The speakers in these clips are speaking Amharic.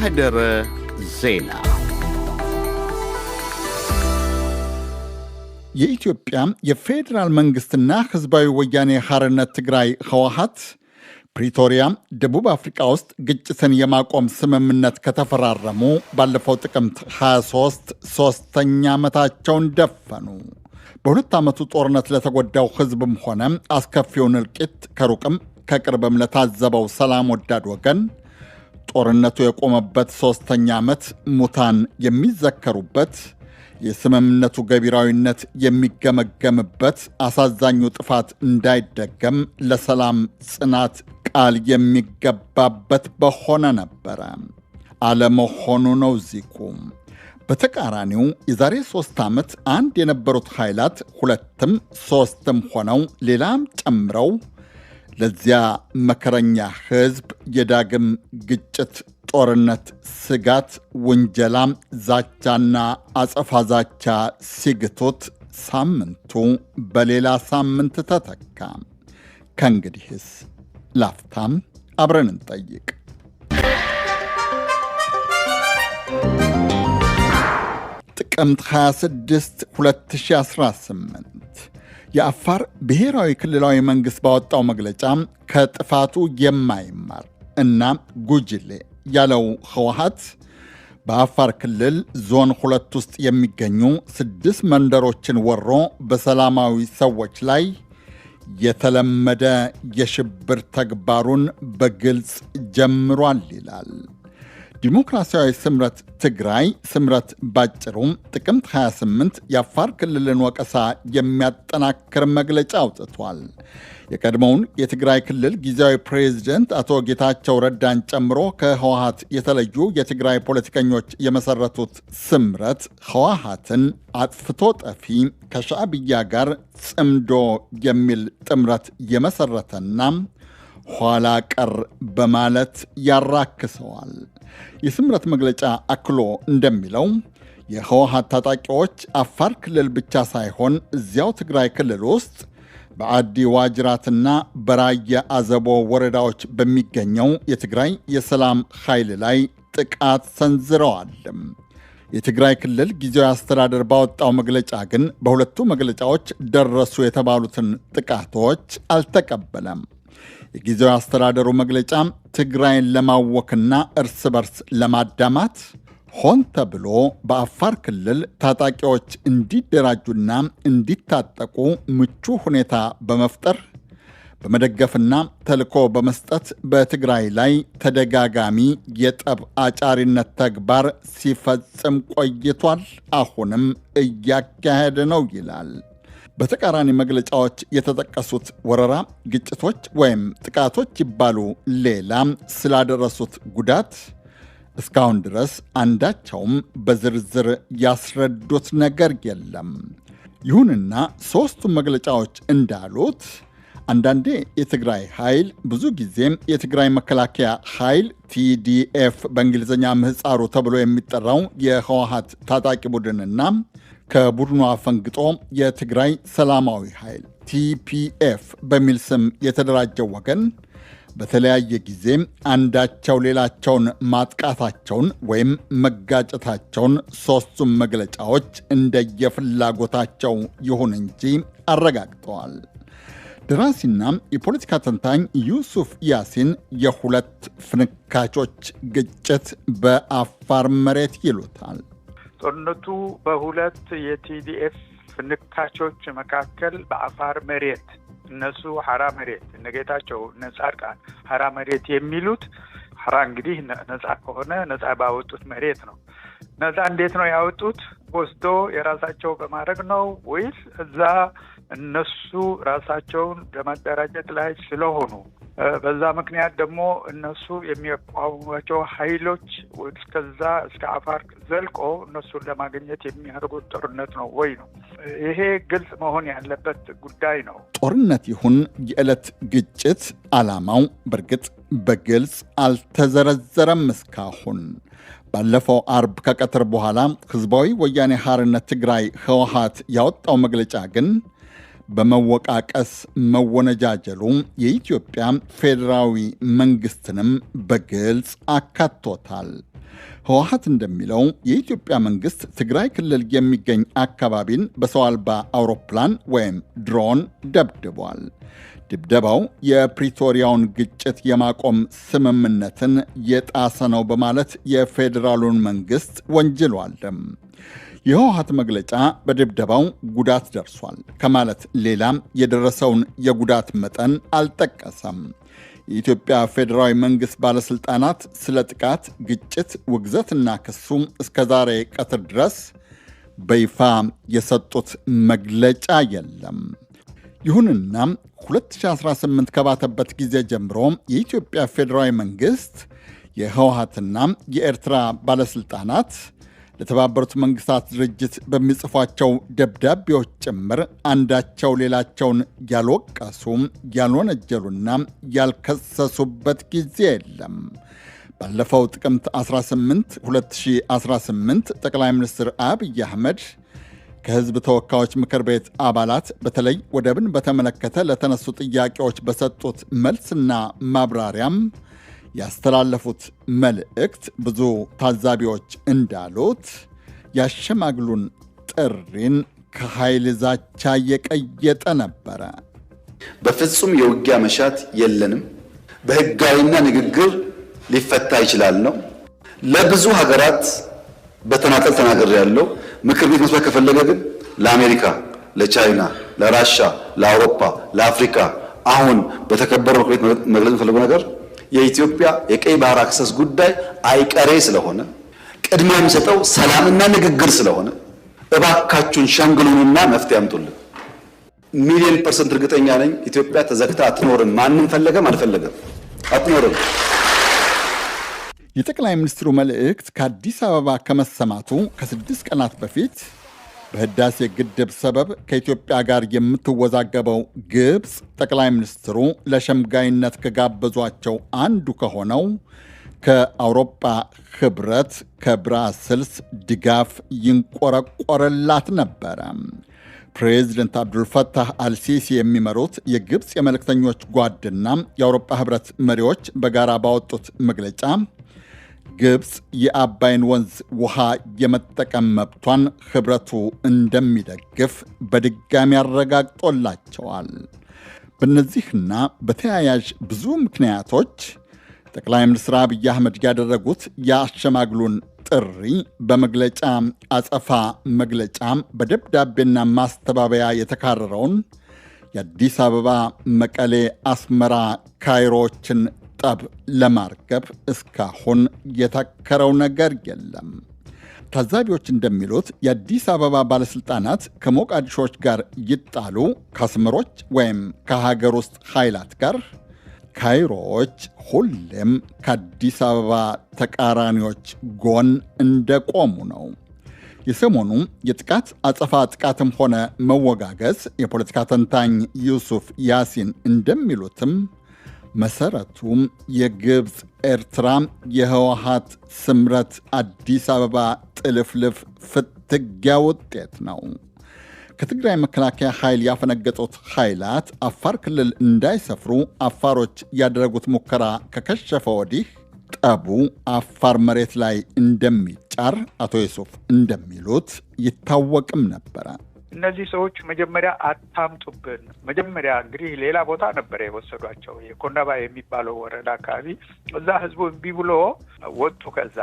ማህደረ ዜና የኢትዮጵያ የፌዴራል መንግሥትና ሕዝባዊ ወያኔ ሐርነት ትግራይ ህወሀት ፕሪቶሪያ ደቡብ አፍሪካ ውስጥ ግጭትን የማቆም ስምምነት ከተፈራረሙ ባለፈው ጥቅምት 23 ሦስተኛ ዓመታቸውን ደፈኑ። በሁለት ዓመቱ ጦርነት ለተጎዳው ሕዝብም ሆነ አስከፊውን እልቂት ከሩቅም ከቅርብም ለታዘበው ሰላም ወዳድ ወገን ጦርነቱ የቆመበት ሦስተኛ ዓመት ሙታን የሚዘከሩበት የስምምነቱ ገቢራዊነት የሚገመገምበት አሳዛኙ ጥፋት እንዳይደገም ለሰላም ጽናት ቃል የሚገባበት በሆነ ነበረ። አለመሆኑ ነው ዚቁ። በተቃራኒው የዛሬ ሦስት ዓመት አንድ የነበሩት ኃይላት ሁለትም ሦስትም ሆነው ሌላም ጨምረው ለዚያ መከረኛ ህዝብ የዳግም ግጭት፣ ጦርነት ስጋት፣ ውንጀላም፣ ዛቻና አጸፋ ዛቻ ሲግቱት ሳምንቱ በሌላ ሳምንት ተተካ። ከእንግዲህስ ላፍታም አብረን እንጠይቅ። ጥቅምት 26 2018 የአፋር ብሔራዊ ክልላዊ መንግስት ባወጣው መግለጫ ከጥፋቱ የማይማር እና ጉጅሌ ያለው ህወሓት በአፋር ክልል ዞን ሁለት ውስጥ የሚገኙ ስድስት መንደሮችን ወሮ በሰላማዊ ሰዎች ላይ የተለመደ የሽብር ተግባሩን በግልጽ ጀምሯል ይላል። ዲሞክራሲያዊ ስምረት ትግራይ ስምረት ባጭሩም ጥቅምት 28 የአፋር ክልልን ወቀሳ የሚያጠናክር መግለጫ አውጥቷል። የቀድሞውን የትግራይ ክልል ጊዜያዊ ፕሬዝደንት አቶ ጌታቸው ረዳን ጨምሮ ከህወሀት የተለዩ የትግራይ ፖለቲከኞች የመሰረቱት ስምረት ህወሀትን አጥፍቶ ጠፊ ከሻዕብያ ጋር ጽምዶ የሚል ጥምረት የመሰረተና ኋላ ቀር በማለት ያራክሰዋል። የስምረት መግለጫ አክሎ እንደሚለው የህወሀት ታጣቂዎች አፋር ክልል ብቻ ሳይሆን እዚያው ትግራይ ክልል ውስጥ በአዲ ዋጅራትና በራየ አዘቦ ወረዳዎች በሚገኘው የትግራይ የሰላም ኃይል ላይ ጥቃት ሰንዝረዋል። የትግራይ ክልል ጊዜያዊ አስተዳደር ባወጣው መግለጫ ግን በሁለቱ መግለጫዎች ደረሱ የተባሉትን ጥቃቶች አልተቀበለም። የጊዜያዊ አስተዳደሩ መግለጫም ትግራይን ለማወክና እርስ በርስ ለማዳማት ሆን ተብሎ በአፋር ክልል ታጣቂዎች እንዲደራጁና እንዲታጠቁ ምቹ ሁኔታ በመፍጠር በመደገፍና ተልኮ በመስጠት በትግራይ ላይ ተደጋጋሚ የጠብ አጫሪነት ተግባር ሲፈጽም ቆይቷል፣ አሁንም እያካሄደ ነው ይላል። በተቃራኒ መግለጫዎች የተጠቀሱት ወረራ፣ ግጭቶች ወይም ጥቃቶች ይባሉ ሌላም ስላደረሱት ጉዳት እስካሁን ድረስ አንዳቸውም በዝርዝር ያስረዱት ነገር የለም። ይሁንና ሦስቱ መግለጫዎች እንዳሉት አንዳንዴ የትግራይ ኃይል ብዙ ጊዜም የትግራይ መከላከያ ኃይል ቲዲኤፍ በእንግሊዝኛ ምህፃሩ ተብሎ የሚጠራው የህወሀት ታጣቂ ቡድንና ከቡድኑ አፈንግጦ የትግራይ ሰላማዊ ኃይል ቲፒኤፍ በሚል ስም የተደራጀው ወገን በተለያየ ጊዜ አንዳቸው ሌላቸውን ማጥቃታቸውን ወይም መጋጨታቸውን ሦስቱም መግለጫዎች እንደየፍላጎታቸው ይሁን እንጂ አረጋግጠዋል። ደራሲና የፖለቲካ ተንታኝ ዩሱፍ ያሲን የሁለት ፍንካቾች ግጭት በአፋር መሬት ይሉታል። ጦርነቱ በሁለት የቲዲኤፍ ፍንካቾች መካከል በአፋር መሬት እነሱ ሀራ መሬት እነ ጌታቸው ቃል ሀራ መሬት የሚሉት ሀራ እንግዲህ ነጻ ከሆነ ነጻ ባወጡት መሬት ነው። ነጻ እንዴት ነው ያወጡት? ወስዶ የራሳቸው በማድረግ ነው ወይስ እዛ እነሱ ራሳቸውን ለማደራጀት ላይ ስለሆኑ በዛ ምክንያት ደግሞ እነሱ የሚቋቋሟቸው ኃይሎች እስከዛ እስከ አፋር ዘልቆ እነሱን ለማግኘት የሚያደርጉት ጦርነት ነው ወይ ነው? ይሄ ግልጽ መሆን ያለበት ጉዳይ ነው። ጦርነት ይሁን የዕለት ግጭት ዓላማው በእርግጥ በግልጽ አልተዘረዘረም እስካሁን። ባለፈው አርብ ከቀትር በኋላ ህዝባዊ ወያኔ ሐርነት ትግራይ ህወሀት ያወጣው መግለጫ ግን በመወቃቀስ መወነጃጀሉ የኢትዮጵያ ፌዴራዊ መንግስትንም በግልጽ አካቶታል። ህወሀት እንደሚለው የኢትዮጵያ መንግስት ትግራይ ክልል የሚገኝ አካባቢን በሰው አልባ አውሮፕላን ወይም ድሮን ደብድቧል። ድብደባው የፕሪቶሪያውን ግጭት የማቆም ስምምነትን የጣሰ ነው በማለት የፌዴራሉን መንግስት ወንጅሏልም። የህወሀት መግለጫ በድብደባው ጉዳት ደርሷል ከማለት ሌላም የደረሰውን የጉዳት መጠን አልጠቀሰም። የኢትዮጵያ ፌዴራዊ መንግስት ባለሥልጣናት ስለ ጥቃት፣ ግጭት፣ ውግዘትና ክሱም እስከ ዛሬ ቀትር ድረስ በይፋ የሰጡት መግለጫ የለም። ይሁንና 2018 ከባተበት ጊዜ ጀምሮ የኢትዮጵያ ፌዴራዊ መንግስት የህወሀትና የኤርትራ ባለሥልጣናት ለተባበሩት መንግስታት ድርጅት በሚጽፏቸው ደብዳቤዎች ጭምር አንዳቸው ሌላቸውን ያልወቀሱ ያልወነጀሉና ያልከሰሱበት ጊዜ የለም። ባለፈው ጥቅምት 18 2018 ጠቅላይ ሚኒስትር አብይ አህመድ ከህዝብ ተወካዮች ምክር ቤት አባላት በተለይ ወደብን በተመለከተ ለተነሱ ጥያቄዎች በሰጡት መልስና ማብራሪያም ያስተላለፉት መልእክት ብዙ ታዛቢዎች እንዳሉት ያሸማግሉን ጥሪን ከኃይል ዛቻ እየቀየጠ ነበረ። በፍጹም የውጊያ መሻት የለንም፣ በህጋዊና ንግግር ሊፈታ ይችላል ነው። ለብዙ ሀገራት በተናጠል ተናገር ያለው ምክር ቤት መስማት ከፈለገ ግን ለአሜሪካ፣ ለቻይና፣ ለራሻ፣ ለአውሮፓ፣ ለአፍሪካ አሁን በተከበረው ምክር ቤት መግለጽ የፈለገው ነገር የኢትዮጵያ የቀይ ባህር አክሰስ ጉዳይ አይቀሬ ስለሆነ ቅድሚያ የሚሰጠው ሰላምና ንግግር ስለሆነ እባካችሁን ሸንግሉንና መፍትሄ አምጡልን። ሚሊዮን ፐርሰንት እርግጠኛ ነኝ ኢትዮጵያ ተዘግታ አትኖርም። ማንም ፈለገም አልፈለገም አትኖርም። የጠቅላይ ሚኒስትሩ መልእክት ከአዲስ አበባ ከመሰማቱ ከስድስት ቀናት በፊት በህዳሴ ግድብ ሰበብ ከኢትዮጵያ ጋር የምትወዛገበው ግብፅ ጠቅላይ ሚኒስትሩ ለሸምጋይነት ከጋበዟቸው አንዱ ከሆነው ከአውሮፓ ህብረት ከብራስልስ ድጋፍ ይንቆረቆርላት ነበረ። ፕሬዚደንት አብዱልፈታህ አልሲሲ የሚመሩት የግብፅ የመልእክተኞች ጓድና የአውሮፓ ህብረት መሪዎች በጋራ ባወጡት መግለጫ ግብፅ የአባይን ወንዝ ውሃ የመጠቀም መብቷን ኅብረቱ እንደሚደግፍ በድጋሚ አረጋግጦላቸዋል። በእነዚህና በተያያዥ ብዙ ምክንያቶች ጠቅላይ ሚኒስትር አብይ አህመድ ያደረጉት የአሸማግሉን ጥሪ በመግለጫ አጸፋ መግለጫ በደብዳቤና ማስተባበያ የተካረረውን የአዲስ አበባ፣ መቀሌ፣ አስመራ፣ ካይሮዎችን ጠብ ለማርገብ እስካሁን የታከረው ነገር የለም። ታዛቢዎች እንደሚሉት የአዲስ አበባ ባለሥልጣናት ከሞቃዲሾች ጋር ይጣሉ፣ ከአስመሮች ወይም ከሀገር ውስጥ ኃይላት ጋር ካይሮዎች ሁሌም ከአዲስ አበባ ተቃራኒዎች ጎን እንደቆሙ ነው። የሰሞኑ የጥቃት አጸፋ ጥቃትም ሆነ መወጋገዝ የፖለቲካ ተንታኝ ዩሱፍ ያሲን እንደሚሉትም መሰረቱም የግብፅ ኤርትራ፣ የህወሀት ስምረት አዲስ አበባ ጥልፍልፍ ፍትጊያ ውጤት ነው። ከትግራይ መከላከያ ኃይል ያፈነገጡት ኃይላት አፋር ክልል እንዳይሰፍሩ አፋሮች ያደረጉት ሙከራ ከከሸፈ ወዲህ ጠቡ አፋር መሬት ላይ እንደሚጫር አቶ ዩሱፍ እንደሚሉት ይታወቅም ነበራል። እነዚህ ሰዎች መጀመሪያ አታምጡብን። መጀመሪያ እንግዲህ ሌላ ቦታ ነበረ የወሰዷቸው የኮነባ የሚባለው ወረዳ አካባቢ። እዛ ህዝቡ እምቢ ብሎ ወጡ። ከዛ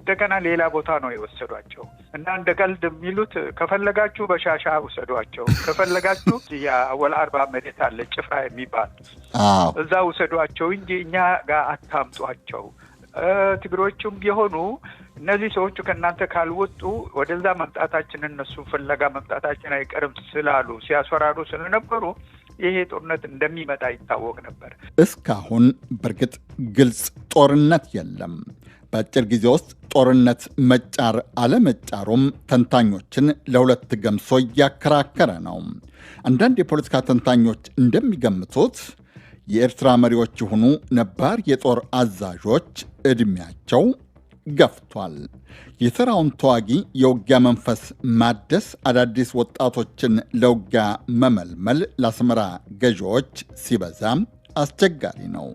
እንደገና ሌላ ቦታ ነው የወሰዷቸው እና እንደ ቀልድ የሚሉት ከፈለጋችሁ በሻሻ ውሰዷቸው፣ ከፈለጋችሁ የአወል አርባ መሬት አለ ጭፍራ የሚባል እዛ ውሰዷቸው እንጂ እኛ ጋር አታምጧቸው ትግሮቹም የሆኑ እነዚህ ሰዎቹ ከእናንተ ካልወጡ ወደዛ መምጣታችን እነሱ ፍለጋ መምጣታችን አይቀርም ስላሉ ሲያስፈራሩ ስለነበሩ ይሄ ጦርነት እንደሚመጣ ይታወቅ ነበር። እስካሁን በእርግጥ ግልጽ ጦርነት የለም። በአጭር ጊዜ ውስጥ ጦርነት መጫር አለመጫሩም ተንታኞችን ለሁለት ገምሶ እያከራከረ ነው። አንዳንድ የፖለቲካ ተንታኞች እንደሚገምቱት የኤርትራ መሪዎች የሆኑ ነባር የጦር አዛዦች ዕድሜያቸው ገፍቷል። የተራውን ተዋጊ የውጊያ መንፈስ ማደስ፣ አዳዲስ ወጣቶችን ለውጊያ መመልመል ለአስመራ ገዢዎች ሲበዛም አስቸጋሪ ነው።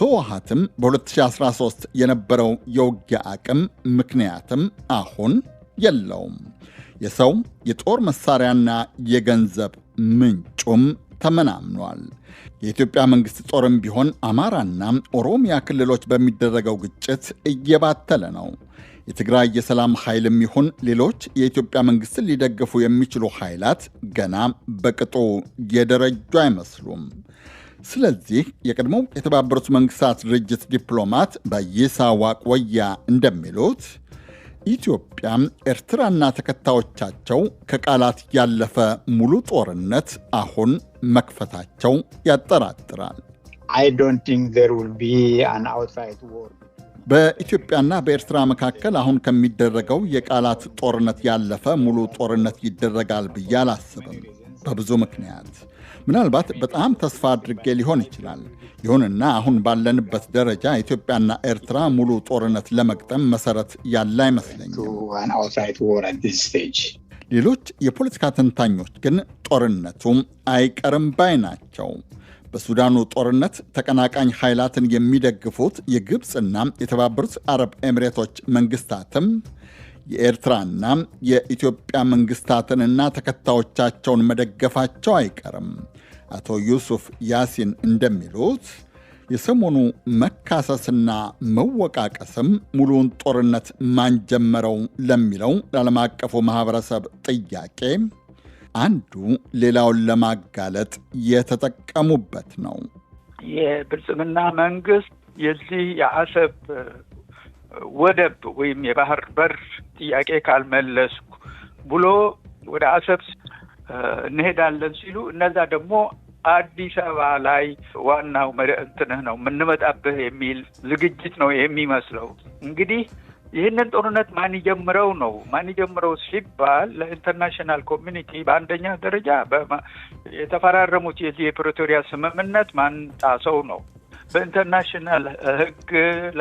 ህወሓትም በ2013 የነበረው የውጊያ አቅም ምክንያትም አሁን የለውም። የሰው የጦር መሳሪያና የገንዘብ ምንጩም ተመናምኗል። የኢትዮጵያ መንግስት ጦርም ቢሆን አማራና ኦሮሚያ ክልሎች በሚደረገው ግጭት እየባተለ ነው። የትግራይ የሰላም ኃይልም ይሁን ሌሎች የኢትዮጵያ መንግስትን ሊደግፉ የሚችሉ ኃይላት ገና በቅጡ የደረጁ አይመስሉም። ስለዚህ የቀድሞው የተባበሩት መንግስታት ድርጅት ዲፕሎማት በይሳዋቅ ወያ እንደሚሉት ኢትዮጵያ፣ ኤርትራና ተከታዮቻቸው ከቃላት ያለፈ ሙሉ ጦርነት አሁን መክፈታቸው ያጠራጥራል። በኢትዮጵያና በኤርትራ መካከል አሁን ከሚደረገው የቃላት ጦርነት ያለፈ ሙሉ ጦርነት ይደረጋል ብዬ አላስብም በብዙ ምክንያት ምናልባት በጣም ተስፋ አድርጌ ሊሆን ይችላል። ይሁንና አሁን ባለንበት ደረጃ ኢትዮጵያና ኤርትራ ሙሉ ጦርነት ለመግጠም መሰረት ያለ አይመስለኝም። ሌሎች የፖለቲካ ተንታኞች ግን ጦርነቱም አይቀርም ባይ ናቸው። በሱዳኑ ጦርነት ተቀናቃኝ ኃይላትን የሚደግፉት የግብፅና የተባበሩት አረብ ኤምሬቶች መንግስታትም የኤርትራና የኢትዮጵያ መንግስታትንና ተከታዮቻቸውን መደገፋቸው አይቀርም። አቶ ዩሱፍ ያሲን እንደሚሉት የሰሞኑ መካሰስና መወቃቀስም ሙሉውን ጦርነት ማን ጀመረው ለሚለው ለዓለም አቀፉ ማህበረሰብ ጥያቄ አንዱ ሌላውን ለማጋለጥ የተጠቀሙበት ነው። የብልጽግና መንግስት የዚህ የአሰብ ወደብ ወይም የባህር በር ጥያቄ ካልመለስኩ ብሎ ወደ አሰብ እንሄዳለን ሲሉ እነዛ ደግሞ አዲስ አበባ ላይ ዋናው እንትንህ ነው የምንመጣብህ የሚል ዝግጅት ነው የሚመስለው። እንግዲህ ይህንን ጦርነት ማን ይጀምረው ነው? ማን ይጀምረው ሲባል ለኢንተርናሽናል ኮሚኒቲ በአንደኛ ደረጃ የተፈራረሙት የዚህ የፕሪቶሪያ ስምምነት ማን ጣሰው ነው? በኢንተርናሽናል ህግ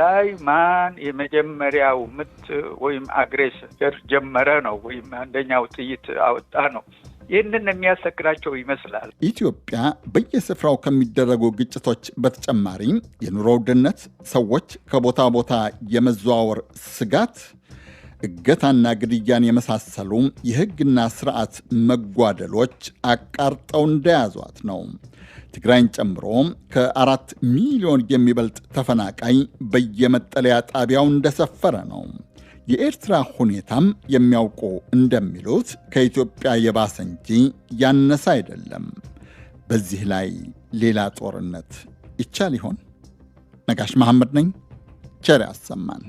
ላይ ማን የመጀመሪያው ምት ወይም አግሬሰር ጀመረ ነው ወይም አንደኛው ጥይት አወጣ ነው። ይህንን የሚያሰክራቸው ይመስላል። ኢትዮጵያ በየስፍራው ከሚደረጉ ግጭቶች በተጨማሪ የኑሮ ውድነት፣ ሰዎች ከቦታ ቦታ የመዘዋወር ስጋት እገታና ግድያን የመሳሰሉ የህግና ስርዓት መጓደሎች አቃርጠው እንደያዟት ነው። ትግራይን ጨምሮ ከአራት ሚሊዮን የሚበልጥ ተፈናቃይ በየመጠለያ ጣቢያው እንደሰፈረ ነው። የኤርትራ ሁኔታም የሚያውቁ እንደሚሉት ከኢትዮጵያ የባሰ እንጂ ያነሰ አይደለም። በዚህ ላይ ሌላ ጦርነት ይቻል ይሆን? ነጋሽ መሐመድ ነኝ። ቸር ያሰማን።